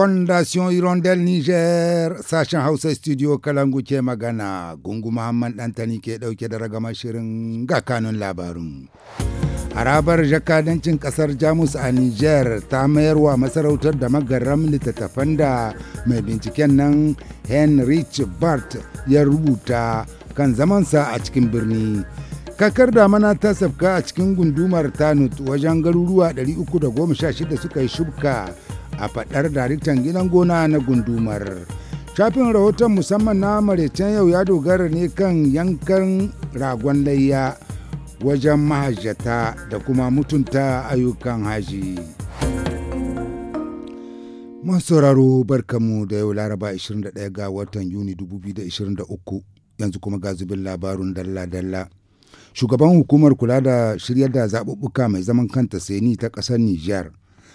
fondation hirondel niger sashen hausa studio kalangu ke magana gungu muhammad dantani ke dauke da ragamar shirin ga kanun labarin harabar jakadancin kasar jamus a niger ta mayarwa masarautar da magaram littattafan da mai binciken nan henrich bart ya rubuta kan zamansa a cikin birni kakar damana ta safka a cikin gundumar tanut wajen garuruwa 316 suka yi shubka a faɗar daraktan gidan gona na gundumar. shafin rahoton musamman na maraicen yau ya dogara ne kan yankan ragon layya wajen mahajjata da kuma mutunta ayyukan haji sauraro barkamu da yau laraba 21 ga watan yuni 2023 yanzu kuma ga zubin labarun dalla-dalla shugaban hukumar kula da shirya da zaɓuɓɓuka mai zaman kanta seni ta ƙasar niger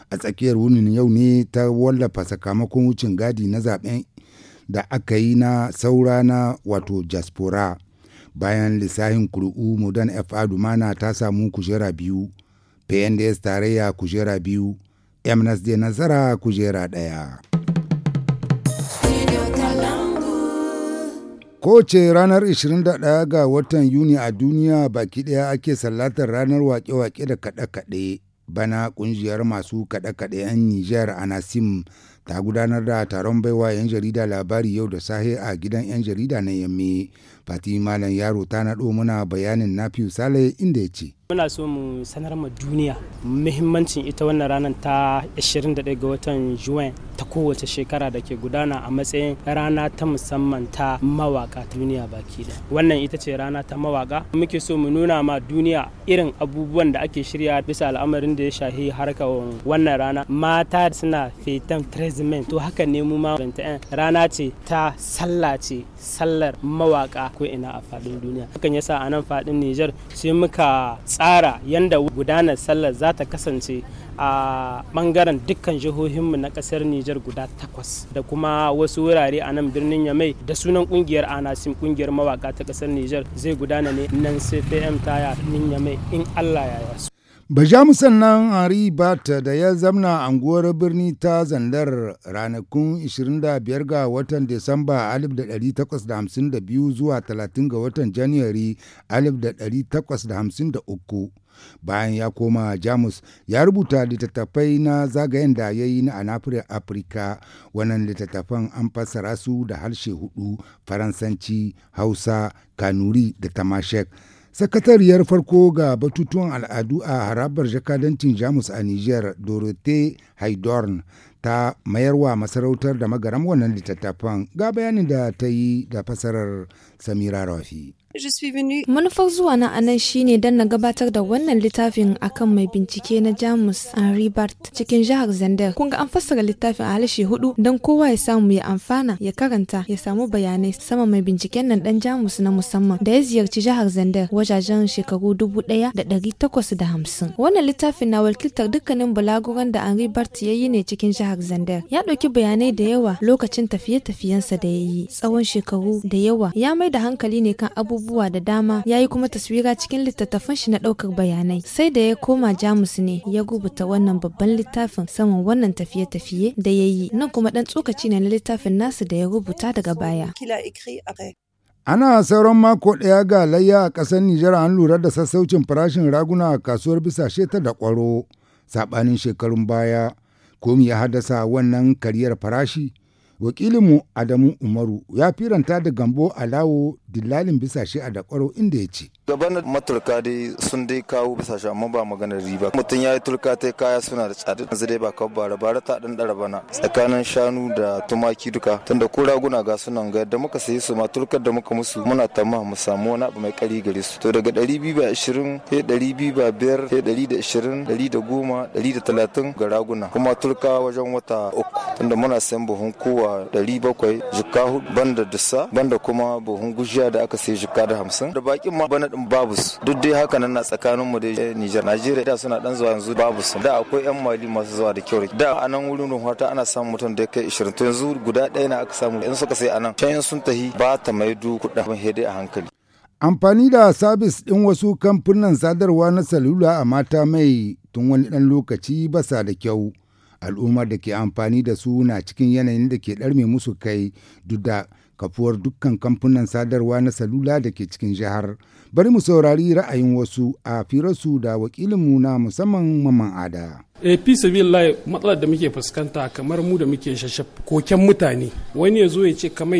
a tsakiyar wunin yau ne ta wallafa sakamakon wucin gadi na zaben da aka yi na saura na wato jaspora bayan lissahin kuri'u modern f dumana ta samu kujera biyu pnds tarayya kujera biyu mnsd nasara kujera ɗaya kowace ranar 21 ga watan yuni a duniya baki ɗaya ake sallatar ranar wake-wake da kaɗe-kaɗe bana kungiyar masu kaɗe-kaɗe 'yan Nijar a Nasim ta gudanar da taron baiwa 'yan jarida labari yau da sahe a gidan 'yan jarida na yamme fati malam yaro ta naɗo muna bayanin fiye sale inda ya ce muna so mu sanar ma duniya muhimmancin ita wannan ranar ta 21 ga watan juwan ta kowace shekara da ke gudana a matsayin rana ta musamman ta mawaka duniya baki da wannan ita ce rana ta mawaka muke so mu nuna ma duniya irin abubuwan da ake shirya bisa al'amarin da ya shahi harkar wannan rana mata suna fetan arzimen to haka ne mu ma rana ce ta sallah ce sallar mawaka ko ina a fadin duniya hakan yasa a nan fadin Nijar sai muka tsara yanda gudanar sallar za ta kasance a bangaren dukkan jihohinmu na kasar Nijar guda takwas da kuma wasu wurare a nan birnin Yamai da sunan kungiyar Anasim kungiyar mawaka ta kasar Nijar zai gudana ne nan CPM ta yamin Yamai in Allah ya yasu. Bajamu nan Henri Bata da ya zamna anguwar birni ta zandar ranakun 25 ga watan Disamba 1852 zuwa 30 ga watan Janairu 1853. Bayan ya koma Jamus ya rubuta littattafai na zagayen da ya yi na Anafirka Afirka wannan littattafan an fassara su da harshe hudu Faransanci, Hausa, Kanuri da Tamashek. Sakatariyar farko ga batutuwan al'adu a harabar jakadancin Jamus a Nijar, Dorothée Haidorn, ta mayarwa masarautar da magaram wannan littattafan ga bayanin da ta yi da fasarar Samira Rafi. Manufar zuwa na anan shine don na gabatar da wannan littafin akan mai bincike na Jamus henry Bart cikin jihar zander Kun ga an fassara littafin a halashe hudu don kowa ya samu ya amfana ya karanta ya samu bayanai sama mai binciken nan dan Jamus na musamman da ya ziyarci jihar zander wajajen shekaru dubu ɗaya da ɗari takwas da hamsin. Wannan littafin na wakiltar dukkanin bulaguran da henry Bart ya yi ne cikin jihar zander Ya ɗauki bayanai da yawa lokacin tafiye-tafiyensa da ya yi tsawon shekaru da yawa ya mai da hankali ne kan abubuwa abubuwa da dama ya yi kuma taswira cikin littattafan shi na ɗaukar bayanai sai da ya koma jamus ne ya rubuta wannan babban littafin saman wannan tafiye-tafiye da ya yi nan kuma ɗan tsokaci ne na littafin nasu da ya rubuta daga baya Ana sauran mako ɗaya ga layya a ƙasar Nijar an lura da sassaucin farashin raguna a kasuwar bisa sheta da kwaro saɓanin shekarun baya, komi ya haddasa wannan kariyar farashi? Wakilinmu Adamu Umaru ya firanta da Gambo Alawo dillalin bisashe a dakwaro inda ya ce. gaban maturka dai sun dai kawo bisashe amma ba maganar riba mutum ya yi turka ta kaya suna da tsada yanzu dai ba kawo bara bara ta dan dara bana tsakanin shanu da tumaki duka tunda ko raguna ga sunan ga yadda muka sayi su ma turkar da muka musu muna tamma mu samu wani abu mai kari gare su to daga ɗari biyu ba ashirin sai ɗari biyu ba biyar sai ɗari da ashirin ɗari da goma ɗari da talatin ga raguna kuma turka wajen wata uku tunda muna sayan buhun kowa ɗari bakwai jikahu banda dusa banda kuma buhun gujiya akuya da aka sai shuka da hamsin da bakin ma bana din babu su duk dai haka nan na tsakanin mu da Niger Najeriya da suna dan zuwa yanzu babu su da akwai yan mali masu zuwa da kyau da a nan wurin wata ana samun mutum da kai 20 to yanzu guda ɗaya na aka samu in suka sai anan can sun tahi ba ta maido kuɗin hede a hankali amfani da sabis din wasu kamfunan sadarwa na salula a mata mai tun wani dan lokaci basa da kyau al'ummar da ke amfani da su na cikin yanayin da ke ɗarme musu kai duk da kafuwar dukkan kamfunan sadarwa na salula da ke cikin jihar. Bari mu saurari ra'ayin wasu a firarsu da wakilinmu na musamman Maman Ada. e fi sabilillahi matsalar da muke fuskanta kamar mu da muke shashaf koken mutane wani ya zo ya ce kamar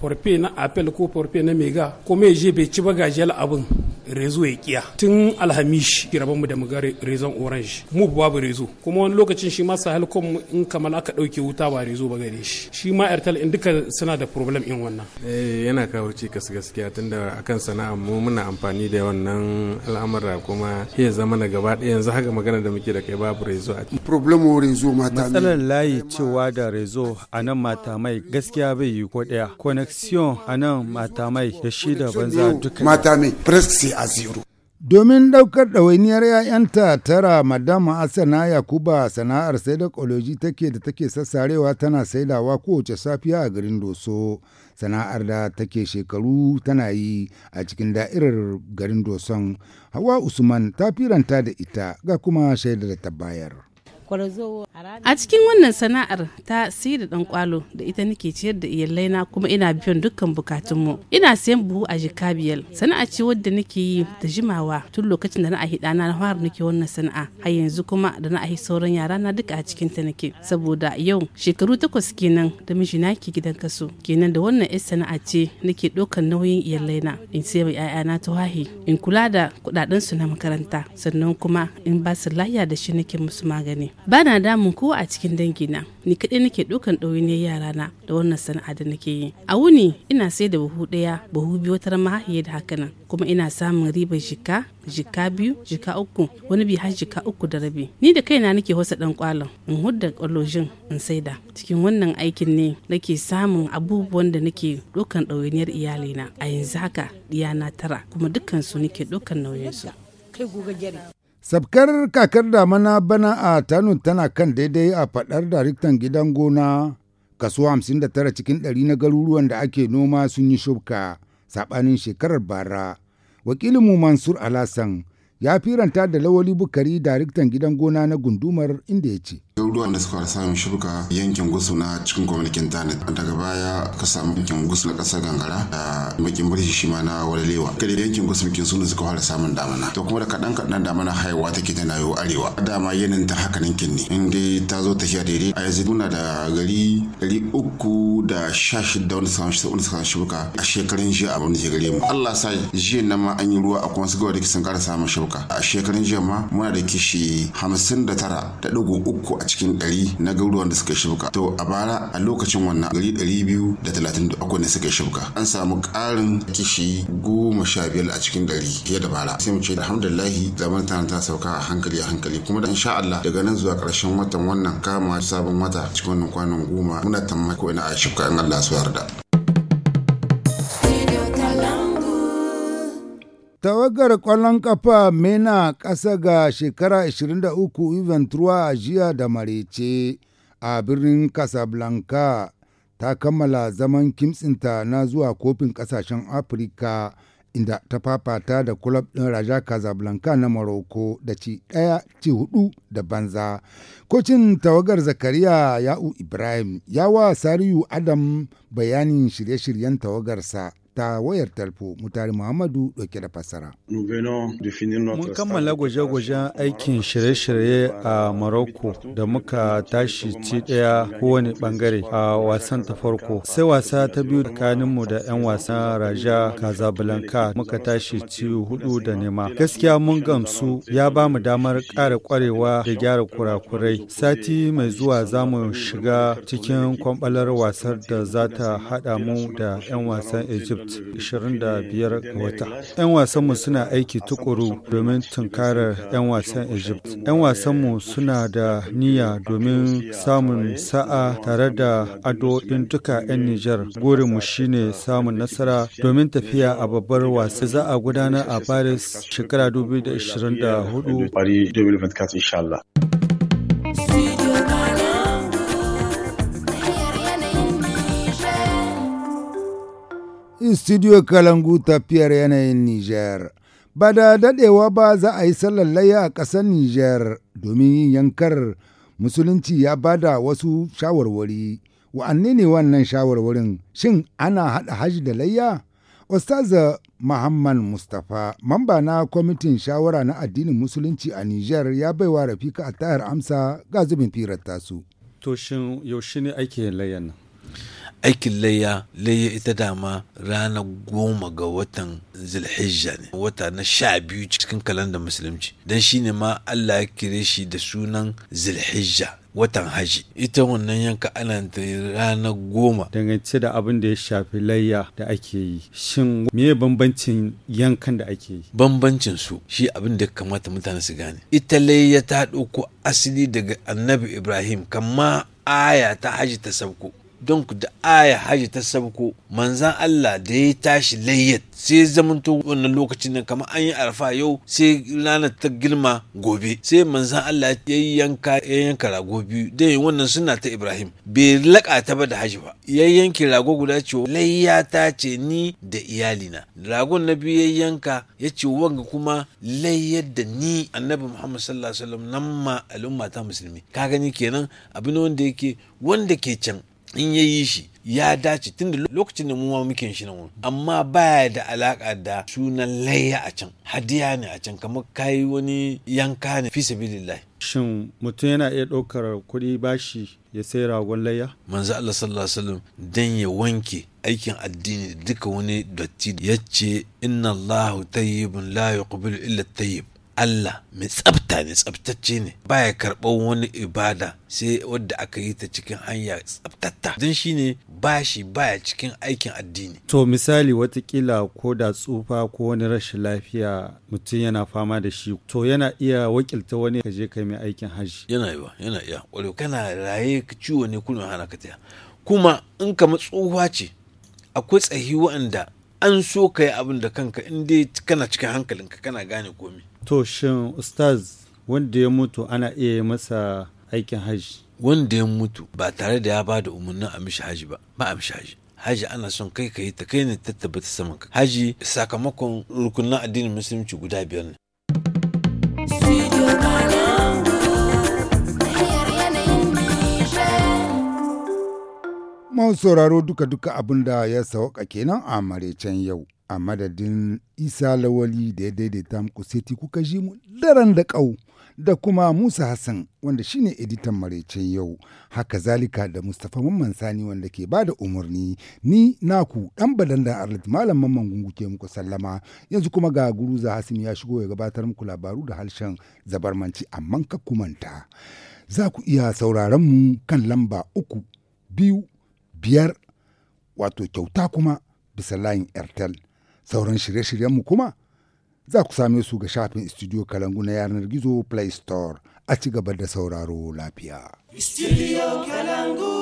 forfe na apple ko forfe na mega ko mai je bai ci ba gajiyar abin rezo ya kiya tun alhamis rabon mu da muga rezon orange mu babu rezo kuma wani lokacin shi ma sahel in kamar aka dauke wuta ba rezo ba gare shi shi ma airtel in duka suna da problem in wannan eh, yana kawo cikas gaskiya tunda akan sana'a mu muna amfani da wannan al'amura kuma ya zama na gaba ɗaya yanzu haka magana da muke da kai babu rezo a problemo rezo mata matsalar layi cewa da rezo a nan mata mai gaskiya bai yi ko ɗaya connection a nan mata mai da shi da banza duka mata mai a zero Domin ɗaukar ɗawainiyar 'ya'yanta tara Madam Asana Yakuba sana'ar sai da koloji take da take sassarewa tana saidawa kowace safiya a garin Doso. Sana'ar da take shekaru tana yi a cikin da'irar garin Doson. Hawa Usman ta firanta da ita ga kuma shaidar da ta bayar. A cikin wannan sana'ar ta sayar da dan kwalo da ita nake ciyar da iyalai na kuma ina biyan dukkan bukatun mu Ina sayan buhu a jika biyar. Sana'a ce wadda nake yi da jimawa tun lokacin da na ahi dana na fara nake wannan sana'a. Har yanzu kuma da na ahi sauran yara na duka a cikin ta nake. Saboda yau shekaru takwas kenan da mijina ke gidan kaso. Kenan da wannan yar sana'a ce nake ɗaukar nauyin iyalai na. In sai mai 'ya'yana wahi In kula da su na makaranta. Sannan kuma in ba su lahiya da shi nake musu magani. ba na damun kowa a cikin dangina ni kaɗai nake ɗaukan ɗawainiyar yara na da wannan sana'a da nake yi a wuni ina sai da buhu ɗaya buhu biyu wata rama da haka nan kuma ina samun ribar jika jika biyu jika uku wani bi har jika uku da rabi ni da kaina nake wasa ɗan kwalon in hudda ƙwallojin in saida cikin wannan aikin ne nake samun abubuwan da nake ɗaukan iyali na, a yanzu haka diyana tara kuma dukkan nake ɗaukan nauyinsu kai Sabkar kakar damana bana a Tano tana kan daidai a faɗar daraktan gidan gona kaso 59 cikin 100 na garuruwan da ake noma sun yi shubka saɓanin shekarar bara. wakilin mu Mansur Alasan ya firanta da Lawali Bukari daraktan gidan gona na gundumar inda ya ce. abubuwan da suka samun shirka yankin gusu na cikin gwamnatin tanet daga baya ka samu yankin gusu na kasar gangara da makin birshi shi ma na walalewa kada yankin gusu makin suna suka fara samun damana to kuma da kaɗan kaɗan damana haihuwa take tana yiwu arewa dama yanin ta haka nan ne in dai ta zo tafiya daidai a yanzu muna da gari gari uku da sha shida wani suka wani wanda suka shirka a shekarun jiya a da ke gare mu Allah sa jiya nan ma an yi ruwa a kuma su gawa da sun kara samun shirka a shekarun jiya ma muna da kishi hamsin da tara da ɗigo uku a cikin cikin ɗari na garuruwan da suka shibka to a bara a lokacin wannan gari ɗari biyu da talatin da ne suka shibka an samu ƙarin kishi goma sha biyar a cikin ɗari fiye da bara sai mu ce alhamdulillahi zaman ta ta sauka a hankali a hankali kuma da insha Allah daga nan zuwa ƙarshen watan wannan kama sabon wata cikin wannan kwanan goma muna tamma ko ina a shibka in Allah su yarda. Tawagar ƙwallon kafa MENA ƙasa ga shekara 23 truwa a jiya da marece a birnin Casablanca ta kammala zaman kimtsinta na zuwa kofin ƙasashen Afirka inda ta fafata da kulab ɗin Raja Casablanca na Morocco da ci ɗaya ci hudu da banza. Kocin tawagar Zakariya Ya'u Ibrahim ya wa Sariyu Adam bayanin shirye-shiryen tawagarsa. ta wayar talfo mutari muhammadu dauke da fassara. mun kammala gwaje-gwajen aikin shirye-shirye a morocco da muka tashi ci daya kowane bangare a wasan ta farko sai wasa ta biyu tsakaninmu da 'yan wasan raja casablanca muka tashi ci hudu da nema gaskiya mun gamsu ya ba mu damar ƙara kwarewa da gyara kurakurai sati mai zuwa za mu shiga cikin kwambalar wasar da za ta haɗa mu da 'yan wasan egypt 25 wata. 'Yan wasanmu suna aiki tukuru domin tunkarar 'yan wasan Egypt. 'Yan wasanmu suna da niyya domin samun sa'a tare da addu'o'in duka 'yan Nijar. shi ne samun nasara domin tafiya a babbar wasa za a gudanar a Paris shekara 2024. studio kalangu tafiyar yanayin Nijar. Ba da daɗewa ba za a yi sallar a ƙasar Nijar domin yin yankar musulunci ya ba da wasu shawarwari. Wa'anne ne wannan shawarwarin? Shin ana haɗa hajji da layya? Ustaza Muhammad Mustapha, mamba na kwamitin shawara na addinin musulunci a Nijar ya baiwa Rafika a tayar amsa ga zubin firar tasu. To shin yaushe ne ake layyan aikin layya layya ita dama ranar goma ga watan zilhijja ne wata na sha biyu cikin kalanda musulunci don shi ne ma allah ya kire shi da sunan zilhijja watan haji ita wannan yanka ana ta ranar goma dangance da abin da ya shafi layya da ake yi shin me bambancin yankan da ake yi bambancin su shi abin da kamata mutane su gane ita layya ta ɗauko asali daga annabi ibrahim kama aya ta haji ta sauko don da aya haji ta sabko manzan Allah da ya tashi layyat sai zamanto wannan lokacin nan kamar an yi arfa yau sai lana ta girma gobe sai manzan Allah ya yi yanka ya yanka rago biyu yi wannan suna ta Ibrahim bai laƙa ta ba da haji ba ya yanke rago guda ce layya ta ce ni da iyalina ragon na biyu ya yanka ya ce wanga kuma layyar da ni annabi Muhammad sallallahu alaihi wasallam nan ma al'umma ta musulmi ka gani kenan abin wanda yake wanda ke can in ya yi shi ya dace tun da lokacin da mu ma muke shi nan amma baya da alaka da sunan layya a can hadiya ne a can kamar kayi wani yanka ne fi sabilillah shin mutum yana iya ɗaukar kuɗi bashi ya sai ragon layya manzo Allah sallallahu alaihi wasallam dan ya wanke aikin addini duka wani datti yace inna Allahu tayyibun la yuqbilu illa tayyib Allah mai tsabta ne tsabtacce ne baya karɓar wani ibada sai wadda aka yi ta cikin hanya tsabtatta don shi ne bashi baya cikin aikin addini. To misali watakila ko da tsufa ko wani rashin lafiya mutum yana fama da shi to yana iya wakilta wani ka je kai mai aikin hajji. Yana yiwa yana iya kana raye ciwo ne hana ka taya. Kuma in kama tsufa ce akwai tsahi wa'anda an so ka yi abin da kanka in dai kana cikin hankalinka kana gane komi. To shin Ustaz wanda ya mutu ana iya masa aikin haji? Wanda ya mutu ba tare da ya ba da umarnin a mishi haji ba, ba a mishi haji. haji ana son kai ka yi ta kai ne ta saman ka haji sakamakon rukunin addinin musulunci guda biyar ne Mau sauraro duka-duka abin da ya sauka kenan a maraicen yau a madadin isa lawali da ya daidaita muku seti kuka ji mu daren da ƙau da kuma musa hassan wanda shine editan maraicen yau haka zalika da mustapha mamman sani wanda ke ba da umarni ni naku dan badan da arlit malam mamman gungu ke muku sallama yanzu kuma ga guruza hasim ya shigo ya gabatar muku labaru da harshen zabarmanci amma ka kumanta za ku iya sauraron mu kan lamba uku biyu biyar wato kyauta kuma bisa layin airtel Sauran shirye-shiryenmu kuma za ku same su ga shafin Studio Kalangu na yanar gizo Play Store a ci gaba da sauraro lafiya. Studio Kalangu.